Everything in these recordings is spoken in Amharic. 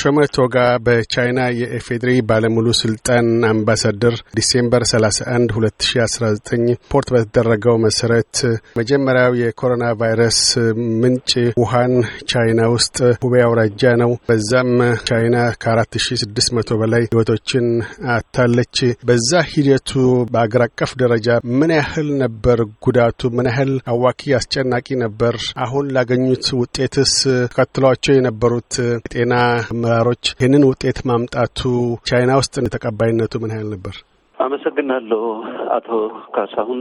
ሾመቶ ወጋ በቻይና የኤፌድሪ ባለሙሉ ስልጣን አምባሳደር ዲሴምበር 31 2019 ፖርት በተደረገው መሰረት መጀመሪያው የኮሮና ቫይረስ ምንጭ ውሃን ቻይና ውስጥ ሁቤ አውራጃ ነው። በዛም ቻይና ከ4600 በላይ ህይወቶችን አታለች። በዛ ሂደቱ በአገር አቀፍ ደረጃ ምን ያህል ነበር ጉዳቱ? ምን ያህል አዋኪ አስጨናቂ ነበር? አሁን ላገኙት ውጤትስ ተከትሏቸው የነበሩት ጤና አመራሮች ይህንን ውጤት ማምጣቱ ቻይና ውስጥ ተቀባይነቱ ምን ያህል ነበር? አመሰግናለሁ አቶ ካሳሁን።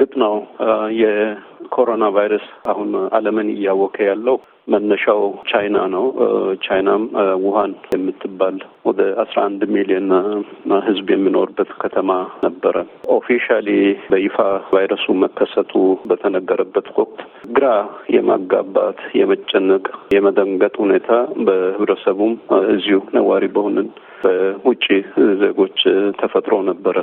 ግጥ ነው ኮሮና ቫይረስ አሁን ዓለምን እያወከ ያለው መነሻው ቻይና ነው። ቻይናም ውሃን የምትባል ወደ አስራ አንድ ሚሊዮን ህዝብ የሚኖርበት ከተማ ነበረ። ኦፊሻሊ በይፋ ቫይረሱ መከሰቱ በተነገረበት ወቅት ግራ የማጋባት የመጨነቅ፣ የመደንገጥ ሁኔታ በህብረተሰቡም እዚሁ ነዋሪ በሆንን በውጭ ዜጎች ተፈጥሮ ነበረ።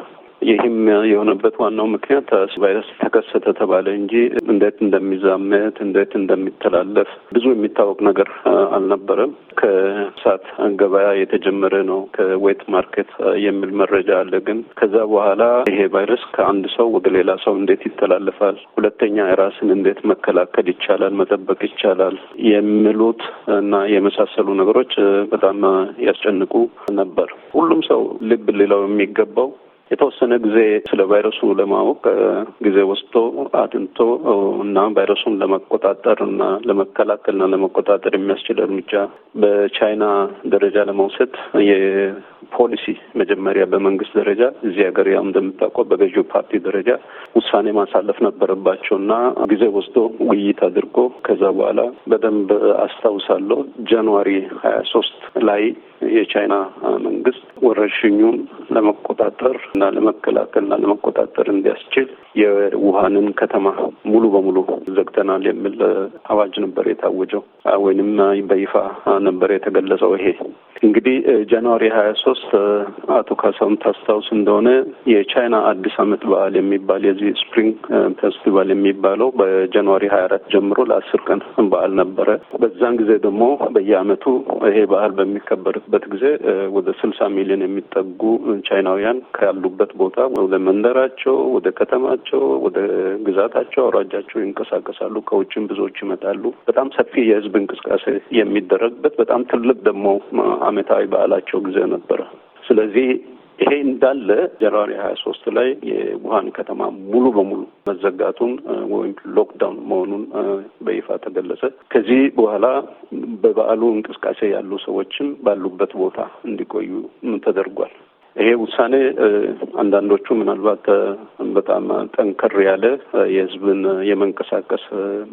ይህም የሆነበት ዋናው ምክንያት ቫይረስ ተከሰተ ተባለ እንጂ እንዴት እንደሚዛመት እንዴት እንደሚተላለፍ ብዙ የሚታወቅ ነገር አልነበረም። ከእንስሳት ገበያ የተጀመረ ነው ከዌት ማርኬት የሚል መረጃ አለ። ግን ከዛ በኋላ ይሄ ቫይረስ ከአንድ ሰው ወደ ሌላ ሰው እንዴት ይተላለፋል፣ ሁለተኛ ራስን እንዴት መከላከል ይቻላል፣ መጠበቅ ይቻላል የሚሉት እና የመሳሰሉ ነገሮች በጣም ያስጨንቁ ነበር። ሁሉም ሰው ልብ ሌላው የሚገባው የተወሰነ ጊዜ ስለ ቫይረሱ ለማወቅ ጊዜ ወስዶ አጥንቶ እና ቫይረሱን ለመቆጣጠር እና ለመከላከል እና ለመቆጣጠር የሚያስችል እርምጃ በቻይና ደረጃ ለመውሰድ የፖሊሲ መጀመሪያ በመንግስት ደረጃ እዚህ ሀገር ያው እንደምታውቀው በገዢው ፓርቲ ደረጃ ውሳኔ ማሳለፍ ነበረባቸው እና ጊዜ ወስዶ ውይይት አድርጎ ከዛ በኋላ በደንብ አስታውሳለሁ ጃንዋሪ ሀያ ሶስት ላይ የቻይና መንግስት ወረርሽኙን ለመቆጣጠር እና ለመከላከልና ለመቆጣጠር እንዲያስችል የውሃንን ከተማ ሙሉ በሙሉ ዘግተናል የሚል አዋጅ ነበር የታወጀው ወይንም በይፋ ነበር የተገለጸው። ይሄ እንግዲህ ጃንዋሪ ሀያ ሶስት አቶ ካሳም ታስታውስ እንደሆነ የቻይና አዲስ አመት በዓል የሚባል የዚህ ስፕሪንግ ፌስቲቫል የሚባለው በጃንዋሪ ሀያ አራት ጀምሮ ለአስር ቀን በዓል ነበረ። በዛን ጊዜ ደግሞ በየአመቱ ይሄ በዓል በሚከበርበት ጊዜ ወደ ስልሳ ሚሊዮን የሚጠጉ ቻይናውያን ካሉ ካሉበት ቦታ ወደ መንደራቸው፣ ወደ ከተማቸው፣ ወደ ግዛታቸው፣ አውራጃቸው ይንቀሳቀሳሉ። ከውጭም ብዙዎች ይመጣሉ። በጣም ሰፊ የህዝብ እንቅስቃሴ የሚደረግበት በጣም ትልቅ ደግሞ አመታዊ በዓላቸው ጊዜ ነበረ። ስለዚህ ይሄ እንዳለ ጃንዋሪ ሀያ ሶስት ላይ የውሀን ከተማ ሙሉ በሙሉ መዘጋቱን ወይም ሎክዳውን መሆኑን በይፋ ተገለጸ። ከዚህ በኋላ በበዓሉ እንቅስቃሴ ያሉ ሰዎችም ባሉበት ቦታ እንዲቆዩ ተደርጓል። ይሄ ውሳኔ አንዳንዶቹ ምናልባት በጣም ጠንከር ያለ የህዝብን የመንቀሳቀስ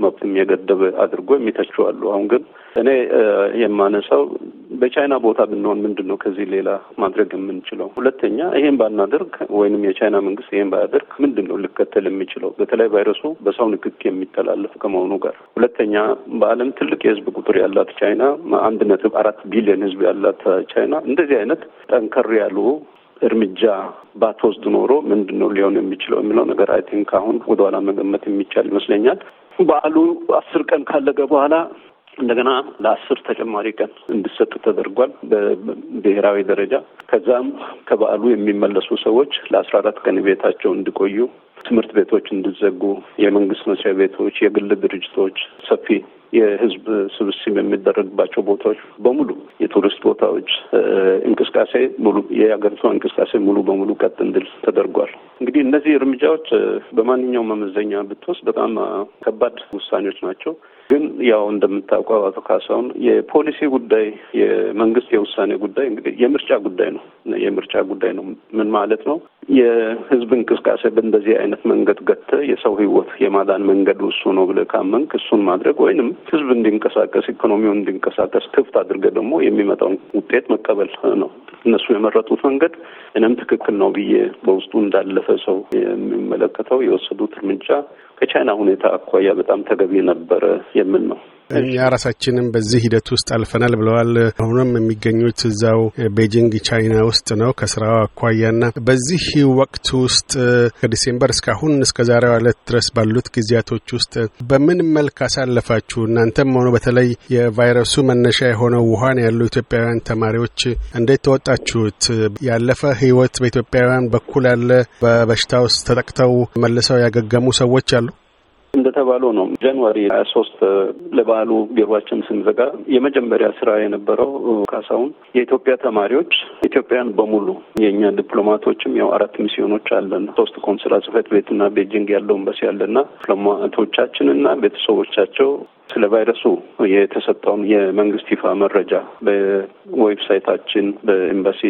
መብት የሚገደብ አድርጎ የሚተችዋሉ። አሉ። አሁን ግን እኔ የማነሳው በቻይና ቦታ ብንሆን ምንድን ነው ከዚህ ሌላ ማድረግ የምንችለው? ሁለተኛ ይሄን ባናደርግ ወይንም የቻይና መንግስት ይሄን ባያደርግ ምንድን ነው ሊከተል የሚችለው? በተለይ ቫይረሱ በሰው ንክክ የሚተላለፍ ከመሆኑ ጋር። ሁለተኛ በዓለም ትልቅ የህዝብ ቁጥር ያላት ቻይና አንድ ነጥብ አራት ቢሊዮን ህዝብ ያላት ቻይና እንደዚህ አይነት ጠንከር ያሉ እርምጃ ባትወስድ ኖሮ ምንድን ነው ሊሆን የሚችለው የሚለው ነገር አይ ቲንክ አሁን ወደኋላ መገመት የሚቻል ይመስለኛል። በዓሉ አስር ቀን ካለቀ በኋላ እንደገና ለአስር ተጨማሪ ቀን እንዲሰጥ ተደርጓል በብሔራዊ ደረጃ። ከዛም ከበዓሉ የሚመለሱ ሰዎች ለአስራ አራት ቀን ቤታቸው እንዲቆዩ ትምህርት ቤቶች እንዲዘጉ፣ የመንግስት መስሪያ ቤቶች፣ የግል ድርጅቶች፣ ሰፊ የህዝብ ስብስብ የሚደረግባቸው ቦታዎች በሙሉ፣ የቱሪስት ቦታዎች እንቅስቃሴ ሙሉ የሀገሪቷ እንቅስቃሴ ሙሉ በሙሉ ቀጥ እንድል ተደርጓል። እንግዲህ እነዚህ እርምጃዎች በማንኛውም መመዘኛ ብትወስድ በጣም ከባድ ውሳኔዎች ናቸው። ግን ያው እንደምታውቀው አቶ ካሳሁን የፖሊሲ ጉዳይ የመንግስት የውሳኔ ጉዳይ እንግዲህ የምርጫ ጉዳይ ነው። የምርጫ ጉዳይ ነው። ምን ማለት ነው? የህዝብ እንቅስቃሴ በእንደዚህ አይነት መንገድ ገተ የሰው ህይወት የማዳን መንገዱ እሱ ነው ብለህ ካመንክ እሱን ማድረግ ወይንም ህዝብ እንዲንቀሳቀስ ኢኮኖሚውን እንዲንቀሳቀስ ክፍት አድርገ ደግሞ የሚመጣውን ውጤት መቀበል ነው። እነሱ የመረጡት መንገድ እኔም ትክክል ነው ብዬ በውስጡ እንዳለፈ ሰው የሚመለከተው የወሰዱት እርምጃ ከቻይና ሁኔታ አኳያ በጣም ተገቢ ነበረ የሚል ነው። እኛ ራሳችንም በዚህ ሂደት ውስጥ አልፈናል ብለዋል። አሁንም የሚገኙት እዛው ቤጂንግ ቻይና ውስጥ ነው ከስራው አኳያና በዚህ ወቅት ውስጥ ከዲሴምበር እስካሁን እስከ ዛሬው ዕለት ድረስ ባሉት ጊዜያቶች ውስጥ በምን መልክ አሳለፋችሁ? እናንተም ሆኖ በተለይ የቫይረሱ መነሻ የሆነው ውሃን ያሉ ኢትዮጵያውያን ተማሪዎች እንዴት ተወጣችሁት? ያለፈ ህይወት በኢትዮጵያውያን በኩል ያለ በበሽታ ውስጥ ተጠቅተው መልሰው ያገገሙ ሰዎች አሉ? እንደተባለው ነው። ጃንዋሪ ሀያ ሶስት ለበዓሉ ቢሮችን ስንዘጋ የመጀመሪያ ስራ የነበረው ካሳሁን የኢትዮጵያ ተማሪዎች ኢትዮጵያን በሙሉ የእኛ ዲፕሎማቶችም ያው አራት ሚስዮኖች አለን ሶስት ቆንስላ ጽህፈት ቤትና ቤጂንግ ያለው ኤምባሲ ያለና ዲፕሎማቶቻችንና ቤተሰቦቻቸው ስለ ቫይረሱ የተሰጠውን የመንግስት ይፋ መረጃ በዌብሳይታችን በኤምባሲ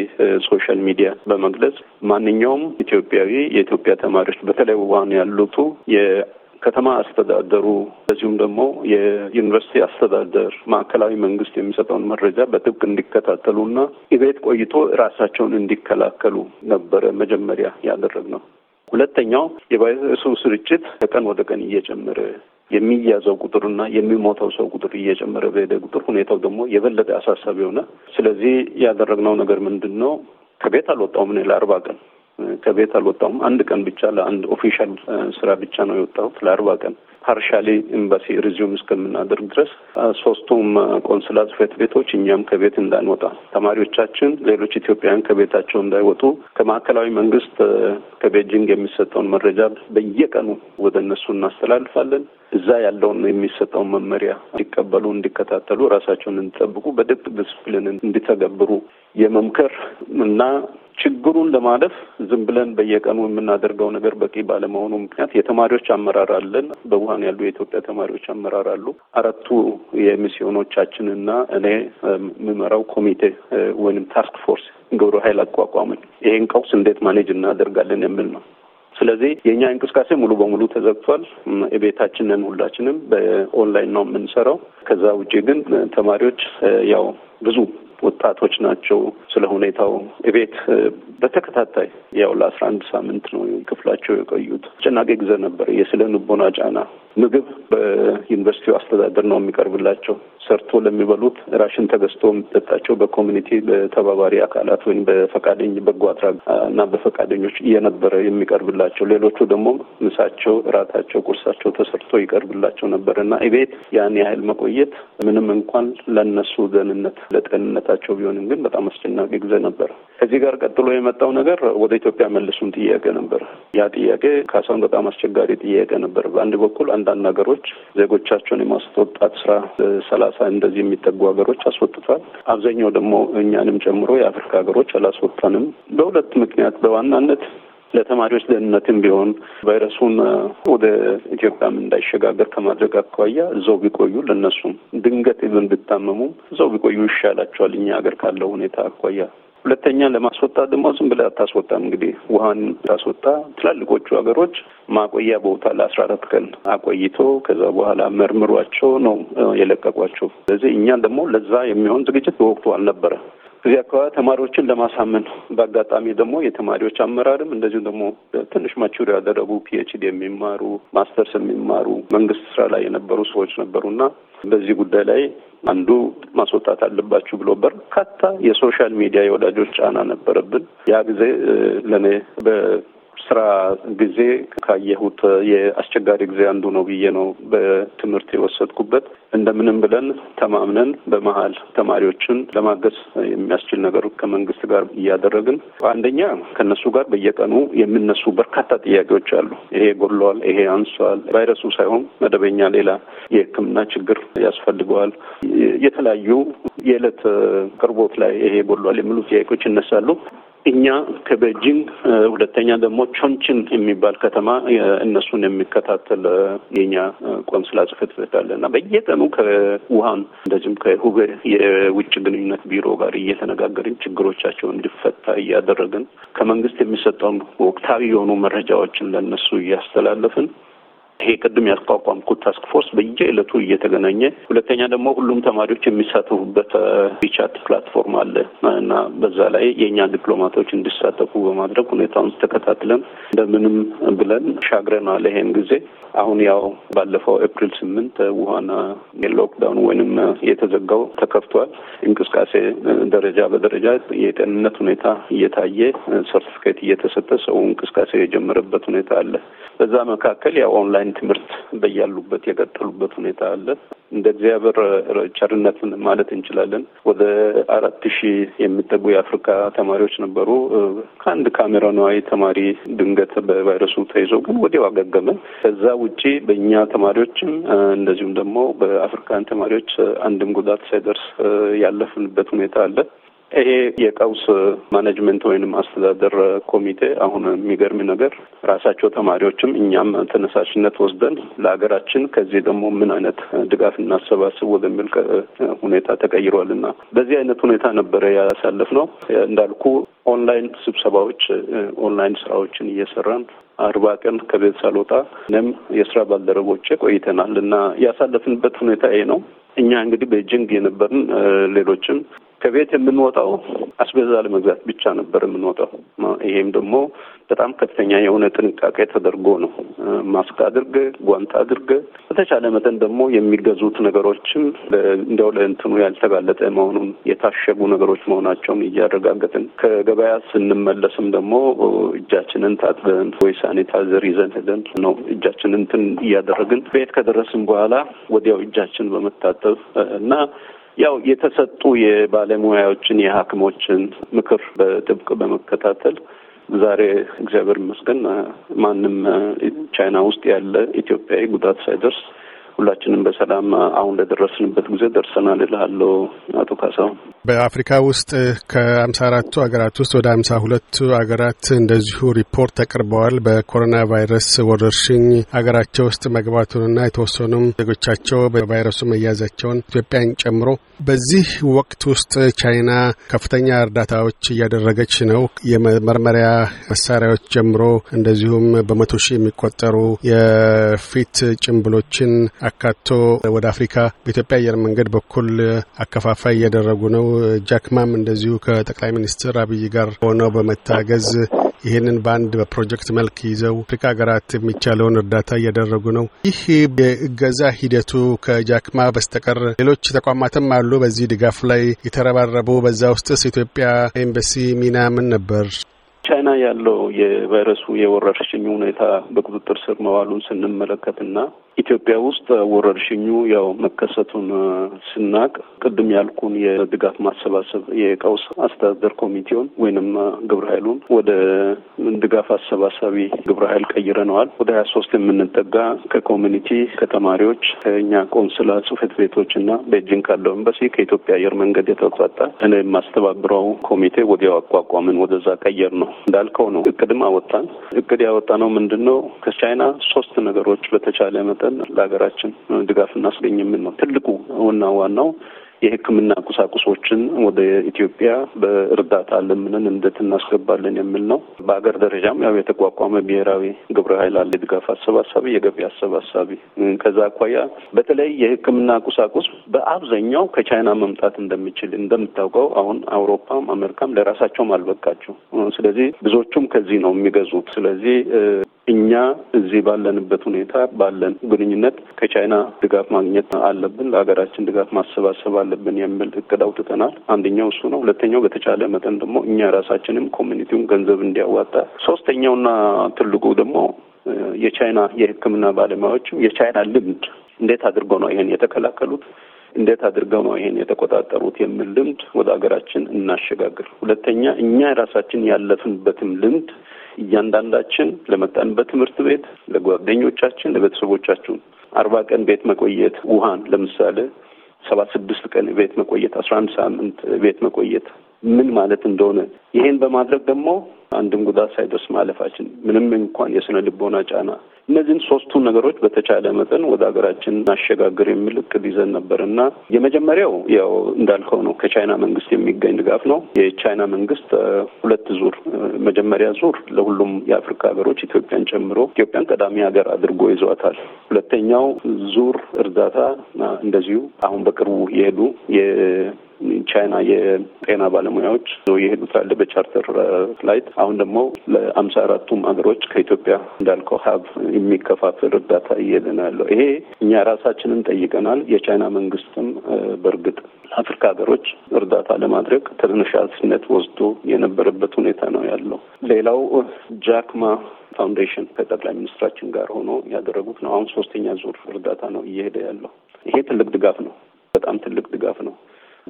ሶሻል ሚዲያ በመግለጽ ማንኛውም ኢትዮጵያዊ የኢትዮጵያ ተማሪዎች በተለይ ውሃን ያሉቱ ከተማ አስተዳደሩ እንደዚሁም ደግሞ የዩኒቨርሲቲ አስተዳደር ማዕከላዊ መንግስት የሚሰጠውን መረጃ በጥብቅ እንዲከታተሉና ቤት ቆይቶ ራሳቸውን እንዲከላከሉ ነበረ መጀመሪያ ያደረግነው። ሁለተኛው የቫይረሱ ስርጭት ከቀን ወደ ቀን እየጨመረ የሚያዘው ቁጥርና የሚሞተው ሰው ቁጥር እየጨመረ በሄደ ቁጥር ሁኔታው ደግሞ የበለጠ አሳሳቢ ሆነ። ስለዚህ ያደረግነው ነገር ምንድን ነው? ከቤት አልወጣሁም እኔ ለአርባ ቀን ከቤት አልወጣሁም። አንድ ቀን ብቻ ለአንድ ኦፊሻል ስራ ብቻ ነው የወጣሁት ለአርባ ቀን ፓርሻሊ ኤምባሲ ሪዚዩም እስከምናደርግ ድረስ ሶስቱም ቆንስላ ጽሕፈት ቤቶች እኛም ከቤት እንዳንወጣ፣ ተማሪዎቻችን፣ ሌሎች ኢትዮጵያውያን ከቤታቸው እንዳይወጡ ከማዕከላዊ መንግስት ከቤጂንግ የሚሰጠውን መረጃ በየቀኑ ወደ እነሱ እናስተላልፋለን። እዛ ያለውን የሚሰጠውን መመሪያ እንዲቀበሉ፣ እንዲከታተሉ፣ ራሳቸውን እንዲጠብቁ፣ በድብቅ ዲስፕሊን እንዲተገብሩ የመምከር እና ችግሩን ለማለፍ ዝም ብለን በየቀኑ የምናደርገው ነገር በቂ ባለመሆኑ ምክንያት የተማሪዎች አመራር አለን በ በውሃን ያሉ የኢትዮጵያ ተማሪዎች አመራር አሉ። አራቱ የሚስዮኖቻችን እና እኔ የምመራው ኮሚቴ ወይም ታስክ ፎርስ ግብረ ኃይል አቋቋምን። ይሄን ቀውስ እንዴት ማኔጅ እናደርጋለን የሚል ነው። ስለዚህ የእኛ እንቅስቃሴ ሙሉ በሙሉ ተዘግቷል። ቤታችንን ሁላችንም በኦንላይን ነው የምንሰራው። ከዛ ውጭ ግን ተማሪዎች ያው ብዙ ወጣቶች ናቸው። ስለ ሁኔታው እቤት በተከታታይ ያው ለአስራ አንድ ሳምንት ነው ክፍላቸው የቆዩት። አስጨናቂ ጊዜ ነበር። የስነ ልቦና ጫና ምግብ በዩኒቨርሲቲው አስተዳደር ነው የሚቀርብላቸው። ሰርቶ ለሚበሉት ራሽን ተገዝቶ የሚጠጣቸው በኮሚኒቲ በተባባሪ አካላት ወይም በፈቃደኝ በጎ አድራግ እና በፈቃደኞች እየነበረ የሚቀርብላቸው። ሌሎቹ ደግሞ ምሳቸው፣ እራታቸው፣ ቁርሳቸው ተሰርቶ ይቀርብላቸው ነበር እና ቤት ያን ያህል መቆየት ምንም እንኳን ለነሱ ደህንነት ለጤንነታቸው ቢሆንም ግን በጣም አስጨናቂ ጊዜ ነበር። ከዚህ ጋር ቀጥሎ የመጣው ነገር ወደ ኢትዮጵያ መልሱን ጥያቄ ነበር። ያ ጥያቄ ካሳሁን በጣም አስቸጋሪ ጥያቄ ነበር። በአንድ በኩል አንዳንድ ሀገሮች ዜጎቻቸውን የማስወጣት ስራ ሰላሳ እንደዚህ የሚጠጉ ሀገሮች አስወጥቷል። አብዛኛው ደግሞ እኛንም ጨምሮ የአፍሪካ ሀገሮች አላስወጣንም በሁለት ምክንያት በዋናነት ለተማሪዎች ደህንነትም ቢሆን ቫይረሱን ወደ ኢትዮጵያም እንዳይሸጋገር ከማድረግ አኳያ እዛው ቢቆዩ ለነሱም ድንገት ብን ብታመሙም እዛው ቢቆዩ ይሻላቸዋል እኛ ሀገር ካለው ሁኔታ አኳያ ሁለተኛ ለማስወጣት ደግሞ ዝም ብለህ አታስወጣም። እንግዲህ ውሃን ታስወጣ ትላልቆቹ ሀገሮች ማቆያ ቦታ ለአስራ አራት ቀን አቆይቶ ከዛ በኋላ መርምሯቸው ነው የለቀቋቸው። ስለዚህ እኛ ደግሞ ለዛ የሚሆን ዝግጅት በወቅቱ አልነበረ። እዚህ አካባቢ ተማሪዎችን ለማሳመን በአጋጣሚ ደግሞ የተማሪዎች አመራርም እንደዚሁም ደግሞ ትንሽ ማቹር ያደረጉ ፒኤችዲ የሚማሩ ማስተርስ የሚማሩ መንግስት ስራ ላይ የነበሩ ሰዎች ነበሩና በዚህ ጉዳይ ላይ አንዱ ማስወጣት አለባችሁ ብሎ በርካታ የሶሻል ሚዲያ የወዳጆች ጫና ነበረብን። ያ ጊዜ ለእኔ ስራ ጊዜ ካየሁት የአስቸጋሪ ጊዜ አንዱ ነው ብዬ ነው በትምህርት የወሰድኩበት። እንደምንም ብለን ተማምነን በመሀል ተማሪዎችን ለማገዝ የሚያስችል ነገር ከመንግስት ጋር እያደረግን፣ አንደኛ ከነሱ ጋር በየቀኑ የሚነሱ በርካታ ጥያቄዎች አሉ። ይሄ ጎሏል፣ ይሄ አንሷል፣ ቫይረሱ ሳይሆን መደበኛ ሌላ የሕክምና ችግር ያስፈልገዋል፣ የተለያዩ የዕለት ቅርቦት ላይ ይሄ ጎሏል የሚሉ ጥያቄዎች ይነሳሉ። እኛ ከቤጂንግ ሁለተኛ ደግሞ ቾንችን የሚባል ከተማ እነሱን የሚከታተል የኛ ቆንስላ ጽሕፈት ቤት አለ እና በየቀኑ ከውሃን እንደዚሁም ከሁበ የውጭ ግንኙነት ቢሮ ጋር እየተነጋገርን ችግሮቻቸውን እንዲፈታ እያደረግን ከመንግስት የሚሰጠውን ወቅታዊ የሆኑ መረጃዎችን ለእነሱ እያስተላለፍን ይሄ ቅድም ያቋቋምኩት ታስክ ፎርስ በየዕለቱ እየተገናኘ ሁለተኛ ደግሞ ሁሉም ተማሪዎች የሚሳተፉበት ዊቻት ፕላትፎርም አለ እና በዛ ላይ የእኛ ዲፕሎማቶች እንዲሳተፉ በማድረግ ሁኔታውን ተከታትለን እንደምንም ብለን ሻግረናል። ይሄን ጊዜ አሁን ያው ባለፈው ኤፕሪል ስምንት ውሃን የሎክዳውን ወይንም የተዘጋው ተከፍቷል። እንቅስቃሴ ደረጃ በደረጃ የጤንነት ሁኔታ እየታየ ሰርቲፊኬት እየተሰጠ ሰው እንቅስቃሴ የጀመረበት ሁኔታ አለ። በዛ መካከል ያው ኦንላይን ይህን ትምህርት በያሉበት የቀጠሉበት ሁኔታ አለ። እንደ እግዚአብሔር ቸርነት ማለት እንችላለን ወደ አራት ሺህ የሚጠጉ የአፍሪካ ተማሪዎች ነበሩ። ከአንድ ካሜሮናዊ ተማሪ ድንገት በቫይረሱ ተይዞ ግን ወዲያው አገገመ። ከዛ ውጪ በእኛ ተማሪዎችም እንደዚሁም ደግሞ በአፍሪካን ተማሪዎች አንድም ጉዳት ሳይደርስ ያለፍንበት ሁኔታ አለ። ይሄ የቀውስ ማኔጅመንት ወይንም አስተዳደር ኮሚቴ አሁን የሚገርም ነገር ራሳቸው ተማሪዎችም እኛም ተነሳሽነት ወስደን ለሀገራችን ከዚህ ደግሞ ምን አይነት ድጋፍ እናሰባስብ ወደሚል ሁኔታ ተቀይሯል እና በዚህ አይነት ሁኔታ ነበረ ያሳለፍ ነው እንዳልኩ ኦንላይን ስብሰባዎች፣ ኦንላይን ስራዎችን እየሰራን አርባ ቀን ከቤት ሳልወጣ እኔም የስራ ባልደረቦቼ ቆይተናል እና ያሳለፍንበት ሁኔታ ይሄ ነው። እኛ እንግዲህ ቤጂንግ የነበርን ሌሎችም ከቤት የምንወጣው አስቤዛ ለመግዛት ብቻ ነበር የምንወጣው። ይሄም ደግሞ በጣም ከፍተኛ የሆነ ጥንቃቄ ተደርጎ ነው። ማስክ አድርገ፣ ጓንት አድርገ፣ በተቻለ መጠን ደግሞ የሚገዙት ነገሮችም እንዲያው ለእንትኑ ያልተጋለጠ መሆኑን የታሸጉ ነገሮች መሆናቸውን እያረጋገጥን ከገበያ ስንመለስም ደግሞ እጃችንን ታጥበን ወይ ሳኒታይዘር ይዘን ሄደን ነው እጃችንን እንትን እያደረግን ቤት ከደረስን በኋላ ወዲያው እጃችን በመታጠብ እና ያው የተሰጡ የባለሙያዎችን የሐኪሞችን ምክር በጥብቅ በመከታተል ዛሬ እግዚአብሔር ይመስገን ማንም ቻይና ውስጥ ያለ ኢትዮጵያዊ ጉዳት ሳይደርስ ሁላችንም በሰላም አሁን ለደረስንበት ጊዜ ደርሰናል ላለው አቶ ካሳሁን። በአፍሪካ ውስጥ ከሀምሳ አራቱ ሀገራት ውስጥ ወደ ሀምሳ ሁለቱ ሀገራት እንደዚሁ ሪፖርት ተቀርበዋል በኮሮና ቫይረስ ወረርሽኝ ሀገራቸው ውስጥ መግባቱንና የተወሰኑም ዜጎቻቸው በቫይረሱ መያዛቸውን ኢትዮጵያን ጨምሮ በዚህ ወቅት ውስጥ ቻይና ከፍተኛ እርዳታዎች እያደረገች ነው። የመርመሪያ መሳሪያዎች ጀምሮ እንደዚሁም በመቶ ሺህ የሚቆጠሩ የፊት ጭንብሎችን አካቶ ወደ አፍሪካ በኢትዮጵያ አየር መንገድ በኩል አከፋፋይ እያደረጉ ነው። ጃክማም እንደዚሁ ከጠቅላይ ሚኒስትር አብይ ጋር ሆነው በመታገዝ ይህንን በአንድ በፕሮጀክት መልክ ይዘው አፍሪካ ሀገራት የሚቻለውን እርዳታ እያደረጉ ነው። ይህ የእገዛ ሂደቱ ከጃክማ በስተቀር ሌሎች ተቋማትም አሉ በዚህ ድጋፍ ላይ የተረባረቡ። በዛ ውስጥስ ኢትዮጵያ ኤምበሲ ሚና ምን ነበር? ቻይና ያለው የቫይረሱ የወረርሽኝ ሁኔታ በቁጥጥር ስር መዋሉን ስንመለከትና ኢትዮጵያ ውስጥ ወረርሽኙ ያው መከሰቱን ስናቅ ቅድም ያልኩን የድጋፍ ማሰባሰብ የቀውስ አስተዳደር ኮሚቴውን ወይንም ግብረ ኃይሉን ወደ ድጋፍ አሰባሳቢ ግብረ ኃይል ቀይረነዋል። ወደ ሀያ ሶስት የምንጠጋ ከኮሚኒቲ ከተማሪዎች፣ ከእኛ ቆንስላ ጽሕፈት ቤቶች እና ቤጂንግ ካለው ኤምባሲ ከኢትዮጵያ አየር መንገድ የተውጣጣ እኔ የማስተባብረው ኮሚቴ ወዲያው አቋቋምን። ወደዛ ቀየር ነው እንዳልከው ነው። እቅድም አወጣን። እቅድ ያወጣ ነው ምንድን ነው ከቻይና ሶስት ነገሮች በተቻለ መ መጠን ለሀገራችን ድጋፍ እናስገኝ የሚል ነው ትልቁ ዋና ዋናው የሕክምና ቁሳቁሶችን ወደ ኢትዮጵያ በእርዳታ ለምንን እንዴት እናስገባለን የሚል ነው። በሀገር ደረጃም ያው የተቋቋመ ብሔራዊ ግብረ ኃይል አለ፣ ድጋፍ አሰባሳቢ፣ የገቢ አሰባሳቢ። ከዛ አኳያ በተለይ የሕክምና ቁሳቁስ በአብዛኛው ከቻይና መምጣት እንደሚችል እንደምታውቀው አሁን አውሮፓም አሜሪካም ለራሳቸውም አልበቃቸው። ስለዚህ ብዙዎቹም ከዚህ ነው የሚገዙት። ስለዚህ እኛ እዚህ ባለንበት ሁኔታ ባለን ግንኙነት ከቻይና ድጋፍ ማግኘት አለብን፣ ለሀገራችን ድጋፍ ማሰባሰብ አለብን የሚል እቅድ አውጥተናል። አንደኛው እሱ ነው። ሁለተኛው በተቻለ መጠን ደግሞ እኛ ራሳችንም ኮሚኒቲውን ገንዘብ እንዲያዋጣ፣ ሶስተኛውና ትልቁ ደግሞ የቻይና የሕክምና ባለሙያዎችም የቻይና ልምድ እንዴት አድርገው ነው ይሄን የተከላከሉት እንዴት አድርገው ነው ይሄን የተቆጣጠሩት የሚል ልምድ ወደ ሀገራችን እናሸጋግር። ሁለተኛ እኛ ራሳችን ያለፍንበትም ልምድ እያንዳንዳችን ለመጣንበት ትምህርት ቤት፣ ለጓደኞቻችን፣ ለቤተሰቦቻችን አርባ ቀን ቤት መቆየት ውሃን ለምሳሌ ሰባ ስድስት ቀን ቤት መቆየት፣ አስራ አንድ ሳምንት ቤት መቆየት ምን ማለት እንደሆነ ይሄን በማድረግ ደግሞ አንድም ጉዳት ሳይደርስ ማለፋችን ምንም እንኳን የስነ ልቦና ጫና እነዚህን ሶስቱ ነገሮች በተቻለ መጠን ወደ ሀገራችን እናሸጋግር የሚል እቅድ ይዘን ነበር እና የመጀመሪያው ያው እንዳልከው ነው፣ ከቻይና መንግስት የሚገኝ ድጋፍ ነው። የቻይና መንግስት ሁለት ዙር፣ መጀመሪያ ዙር ለሁሉም የአፍሪካ ሀገሮች ኢትዮጵያን ጨምሮ ኢትዮጵያን ቀዳሚ ሀገር አድርጎ ይዟታል። ሁለተኛው ዙር እርዳታ እንደዚሁ አሁን በቅርቡ የሄዱ ቻይና የጤና ባለሙያዎች ይሄዱታል በቻርተር ፍላይት። አሁን ደግሞ ለአምሳ አራቱም ሀገሮች ከኢትዮጵያ እንዳልከው ሀብ የሚከፋፍል እርዳታ እየልን ያለው ይሄ እኛ ራሳችንን ጠይቀናል። የቻይና መንግስትም በእርግጥ አፍሪካ ሀገሮች እርዳታ ለማድረግ ተነሳሽነት ወስዶ የነበረበት ሁኔታ ነው ያለው። ሌላው ጃክማ ፋውንዴሽን ከጠቅላይ ሚኒስትራችን ጋር ሆኖ ያደረጉት ነው። አሁን ሶስተኛ ዙር እርዳታ ነው እየሄደ ያለው። ይሄ ትልቅ ድጋፍ ነው፣ በጣም ትልቅ ድጋፍ ነው።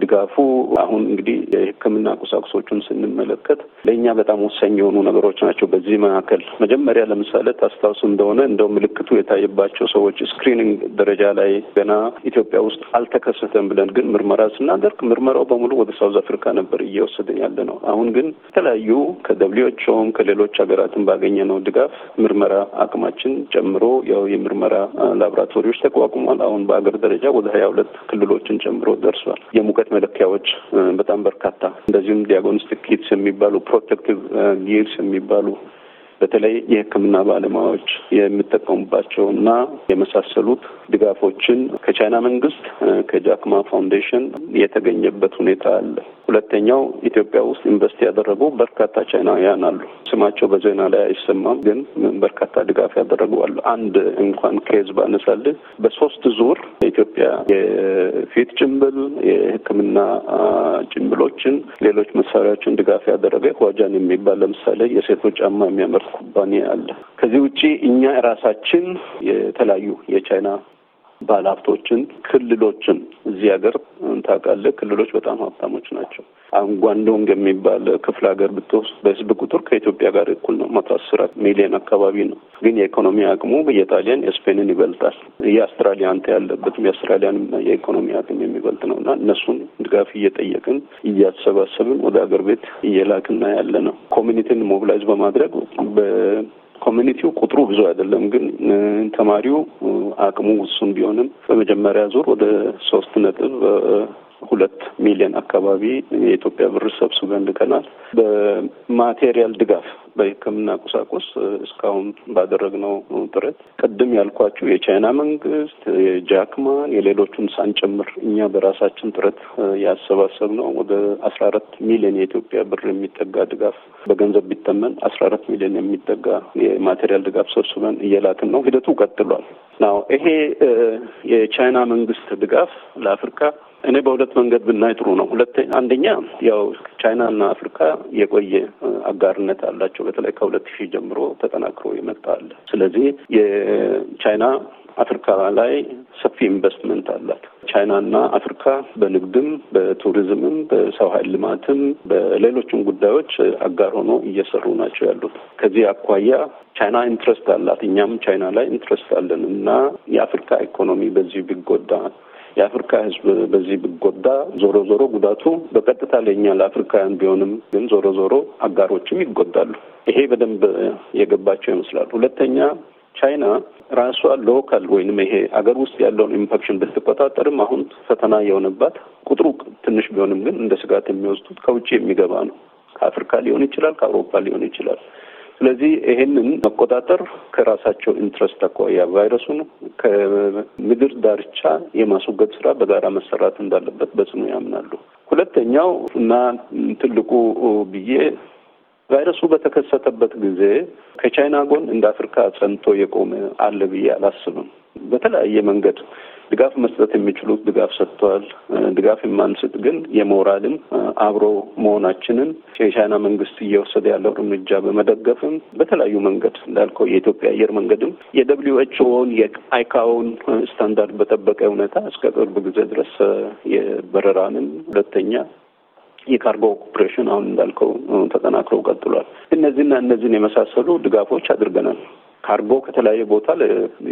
ድጋፉ አሁን እንግዲህ የሕክምና ቁሳቁሶቹን ስንመለከት ለእኛ በጣም ወሳኝ የሆኑ ነገሮች ናቸው። በዚህ መካከል መጀመሪያ ለምሳሌ ታስታውሱ እንደሆነ እንደው ምልክቱ የታየባቸው ሰዎች ስክሪኒንግ ደረጃ ላይ ገና ኢትዮጵያ ውስጥ አልተከሰተም ብለን ግን ምርመራ ስናደርግ ምርመራው በሙሉ ወደ ሳውዝ አፍሪካ ነበር እየወሰደን ያለ ነው። አሁን ግን የተለያዩ ከደብሊዎችም ከሌሎች ሀገራትን ነው ድጋፍ ምርመራ አቅማችን ጨምሮ ያው የምርመራ ላቦራቶሪዎች ተቋቁሟል። አሁን በአገር ደረጃ ወደ ሀያ ሁለት ክልሎችን ጨምሮ ደርሷል። ሙቀት መለኪያዎች በጣም በርካታ እንደዚሁም ዲያጎኒስቲክ ኪትስ የሚባሉ ፕሮቴክቲቭ ጊርስ የሚባሉ በተለይ የሕክምና ባለሙያዎች የሚጠቀሙባቸው እና የመሳሰሉት ድጋፎችን ከቻይና መንግስት ከጃክማ ፋውንዴሽን የተገኘበት ሁኔታ አለ። ሁለተኛው ኢትዮጵያ ውስጥ ኢንቨስት ያደረጉ በርካታ ቻይናውያን አሉ። ስማቸው በዜና ላይ አይሰማም፣ ግን በርካታ ድጋፍ ያደረጉ አሉ። አንድ እንኳን ኬዝ ባነሳልህ በሶስት ዙር ኢትዮጵያ የፊት ጭንብል፣ የህክምና ጭንብሎችን፣ ሌሎች መሳሪያዎችን ድጋፍ ያደረገ ሆጃን የሚባል ለምሳሌ የሴቶች ጫማ የሚያመርት ኩባንያ አለ። ከዚህ ውጪ እኛ ራሳችን የተለያዩ የቻይና ባለሀብቶችን ክልሎችን እዚህ ሀገር ታውቃለህ፣ ክልሎች በጣም ሀብታሞች ናቸው። አሁን ጓንዶንግ የሚባል ክፍለ ሀገር ብትወስድ በህዝብ ቁጥር ከኢትዮጵያ ጋር እኩል ነው። መቶ አስር ሚሊዮን አካባቢ ነው። ግን የኢኮኖሚ አቅሙ የጣሊያን የስፔንን ይበልጣል። የአስትራሊያ አንተ ያለበትም የአስትራሊያን የኢኮኖሚ አቅም የሚበልጥ ነው እና እነሱን ድጋፍ እየጠየቅን እያሰባሰብን ወደ ሀገር ቤት እየላክና ያለ ነው። ኮሚኒቲን ሞቢላይዝ በማድረግ ኮሚኒቲው ቁጥሩ ብዙ አይደለም፣ ግን ተማሪው አቅሙ ውሱን ቢሆንም በመጀመሪያ ዙር ወደ ሶስት ነጥብ ሁለት ሚሊዮን አካባቢ የኢትዮጵያ ብር ሰብስበን ልከናል። በማቴሪያል ድጋፍ በሕክምና ቁሳቁስ እስካሁን ባደረግነው ጥረት ቅድም ያልኳችሁ የቻይና መንግስት፣ የጃክማን፣ የሌሎቹን ሳንጨምር እኛ በራሳችን ጥረት ያሰባሰብነው ወደ አስራ አራት ሚሊዮን የኢትዮጵያ ብር የሚጠጋ ድጋፍ በገንዘብ ቢተመን አስራ አራት ሚሊዮን የሚጠጋ የማቴሪያል ድጋፍ ሰብስበን እየላክን ነው። ሂደቱ ቀጥሏል። ናው ይሄ የቻይና መንግስት ድጋፍ ለአፍሪካ እኔ በሁለት መንገድ ብናይ ጥሩ ነው። ሁለተ አንደኛ ያው ቻይናና አፍሪካ የቆየ አጋርነት አላቸው። በተለይ ከሁለት ሺህ ጀምሮ ተጠናክሮ የመጣ አለ። ስለዚህ የቻይና አፍሪካ ላይ ሰፊ ኢንቨስትመንት አላት። ቻይናና አፍሪካ በንግድም፣ በቱሪዝምም፣ በሰው ኃይል ልማትም በሌሎችም ጉዳዮች አጋር ሆኖ እየሰሩ ናቸው ያሉት። ከዚህ አኳያ ቻይና ኢንትረስት አላት፣ እኛም ቻይና ላይ ኢንትረስት አለን እና የአፍሪካ ኢኮኖሚ በዚህ ቢጎዳ የአፍሪካ ህዝብ በዚህ ብጎዳ ዞሮ ዞሮ ጉዳቱ በቀጥታ ለእኛ ለአፍሪካውያን ቢሆንም ግን ዞሮ ዞሮ አጋሮችም ይጎዳሉ። ይሄ በደንብ የገባቸው ይመስላል። ሁለተኛ ቻይና ራሷ ሎካል ወይንም ይሄ አገር ውስጥ ያለውን ኢንፌክሽን ብትቆጣጠርም አሁን ፈተና የሆነባት ቁጥሩ ትንሽ ቢሆንም ግን እንደ ስጋት የሚወስዱት ከውጭ የሚገባ ነው። ከአፍሪካ ሊሆን ይችላል፣ ከአውሮፓ ሊሆን ይችላል። ስለዚህ ይሄንን መቆጣጠር ከራሳቸው ኢንትረስት አኳያ ቫይረሱን ከምድር ዳርቻ የማስወገድ ስራ በጋራ መሰራት እንዳለበት በጽኑ ያምናሉ። ሁለተኛው እና ትልቁ ብዬ ቫይረሱ በተከሰተበት ጊዜ ከቻይና ጎን እንደ አፍሪካ ጸንቶ የቆመ አለ ብዬ አላስብም። በተለያየ መንገድ ድጋፍ መስጠት የሚችሉት ድጋፍ ሰጥተዋል። ድጋፍ የማንስጥ ግን የሞራልም አብሮ መሆናችንን የቻይና መንግስት እየወሰደ ያለው እርምጃ በመደገፍም በተለያዩ መንገድ እንዳልከው የኢትዮጵያ አየር መንገድም የደብሊዩ ኤችኦን ስታንዳርድ በጠበቀ ሁኔታ እስከ ቅርብ ጊዜ ድረስ የበረራንም ሁለተኛ የካርጎ ኦፕሬሽን አሁን እንዳልከው ተጠናክሮ ቀጥሏል። እነዚህና እነዚህን የመሳሰሉ ድጋፎች አድርገናል። ካርጎ ከተለያየ ቦታ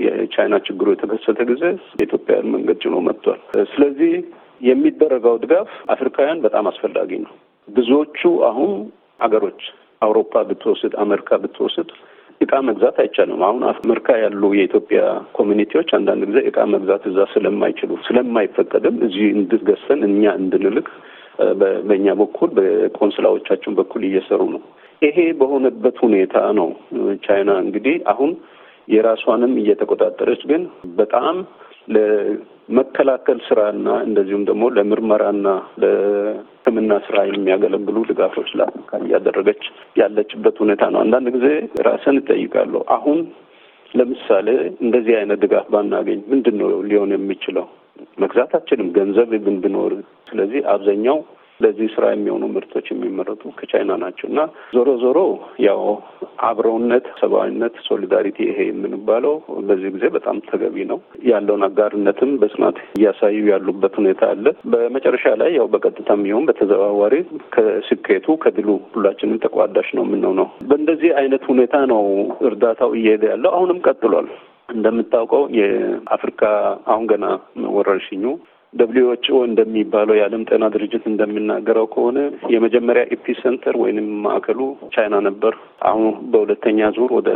የቻይና ችግሩ የተከሰተ ጊዜ የኢትዮጵያ መንገድ ጭኖ መጥቷል። ስለዚህ የሚደረገው ድጋፍ አፍሪካውያን በጣም አስፈላጊ ነው። ብዙዎቹ አሁን አገሮች አውሮፓ ብትወስድ፣ አሜሪካ ብትወስድ እቃ መግዛት አይቻልም። አሁን አሜሪካ ያሉ የኢትዮጵያ ኮሚኒቲዎች አንዳንድ ጊዜ እቃ መግዛት እዛ ስለማይችሉ ስለማይፈቀድም እዚህ እንድትገዝተን እኛ እንድንልክ በእኛ በኩል በቆንስላዎቻችን በኩል እየሰሩ ነው። ይሄ በሆነበት ሁኔታ ነው ቻይና እንግዲህ አሁን የራሷንም እየተቆጣጠረች ግን በጣም ለመከላከል ስራና እንደዚሁም ደግሞ ለምርመራና ለሕክምና ስራ የሚያገለግሉ ድጋፎች ለአፍሪካ እያደረገች ያለችበት ሁኔታ ነው። አንዳንድ ጊዜ ራስን እጠይቃለሁ። አሁን ለምሳሌ እንደዚህ አይነት ድጋፍ ባናገኝ ምንድን ነው ሊሆን የሚችለው? መግዛት አችልም ገንዘብ ግን ብኖር። ስለዚህ አብዛኛው ለዚህ ስራ የሚሆኑ ምርቶች የሚመረቱ ከቻይና ናቸው እና ዞሮ ዞሮ ያው አብረውነት፣ ሰብአዊነት፣ ሶሊዳሪቲ ይሄ የምንባለው በዚህ ጊዜ በጣም ተገቢ ነው። ያለውን አጋርነትም በጽናት እያሳዩ ያሉበት ሁኔታ አለ። በመጨረሻ ላይ ያው በቀጥታም ይሁን በተዘዋዋሪ ከስኬቱ ከድሉ ሁላችንም ተቋዳሽ ነው የምንሆነው። በእንደዚህ አይነት ሁኔታ ነው እርዳታው እየሄደ ያለው አሁንም ቀጥሏል። እንደምታውቀው የአፍሪካ አሁን ገና ወረርሽኙ ደብሊዩ ኤች ኦ እንደሚባለው የዓለም ጤና ድርጅት እንደሚናገረው ከሆነ የመጀመሪያ ኢፒ ሰንተር ወይንም ማዕከሉ ቻይና ነበር። አሁን በሁለተኛ ዙር ወደ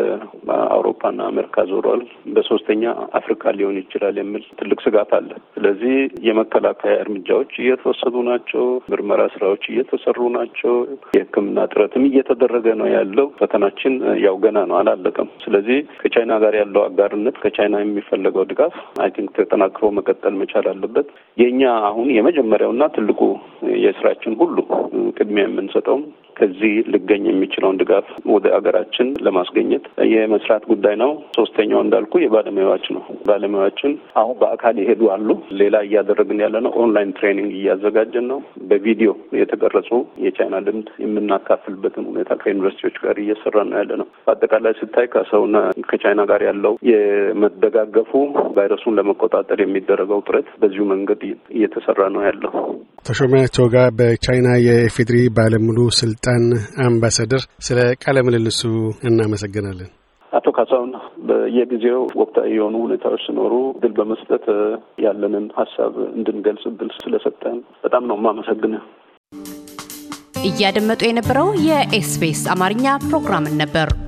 አውሮፓና አሜሪካ ዞሯል። በሶስተኛ አፍሪካ ሊሆን ይችላል የሚል ትልቅ ስጋት አለ። ስለዚህ የመከላከያ እርምጃዎች እየተወሰዱ ናቸው። ምርመራ ስራዎች እየተሰሩ ናቸው። የሕክምና ጥረትም እየተደረገ ነው ያለው። ፈተናችን ያው ገና ነው፣ አላለቀም። ስለዚህ ከቻይና ጋር ያለው አጋርነት፣ ከቻይና የሚፈለገው ድጋፍ አይ ቲንክ ተጠናክሮ መቀጠል መቻል አለበት። የእኛ አሁን የመጀመሪያውና ትልቁ የስራችን ሁሉ ቅድሚያ የምንሰጠውም ከዚህ ልገኝ የሚችለውን ድጋፍ ወደ አገራችን ለማስገኘት የመስራት ጉዳይ ነው። ሶስተኛው እንዳልኩ የባለሙያዎች ነው። ባለሙያዎችን አሁን በአካል የሄዱ አሉ። ሌላ እያደረግን ያለ ነው። ኦንላይን ትሬኒንግ እያዘጋጀን ነው። በቪዲዮ የተቀረጹ የቻይና ልምድ የምናካፍልበትን ሁኔታ ከዩኒቨርሲቲዎች ጋር እየሰራ ነው ያለ ነው። በአጠቃላይ ስታይ ከሰውና ከቻይና ጋር ያለው የመደጋገፉ ቫይረሱን ለመቆጣጠር የሚደረገው ጥረት በዚሁ መንገድ እየተሰራ ነው ያለው። ተሾመ ቶጋ በቻይና የኢፌዴሪ ባለሙሉ ስልጣን አምባሳደር፣ ስለ ቃለ ምልልሱ እናመሰግናለን። አቶ ካሳሁን በየጊዜው ወቅታዊ የሆኑ ሁኔታዎች ሲኖሩ ድል በመስጠት ያለንን ሀሳብ እንድንገልጽ ብል ስለሰጠን በጣም ነው የማመሰግነ። እያደመጡ የነበረው የኤስቢኤስ አማርኛ ፕሮግራምን ነበር።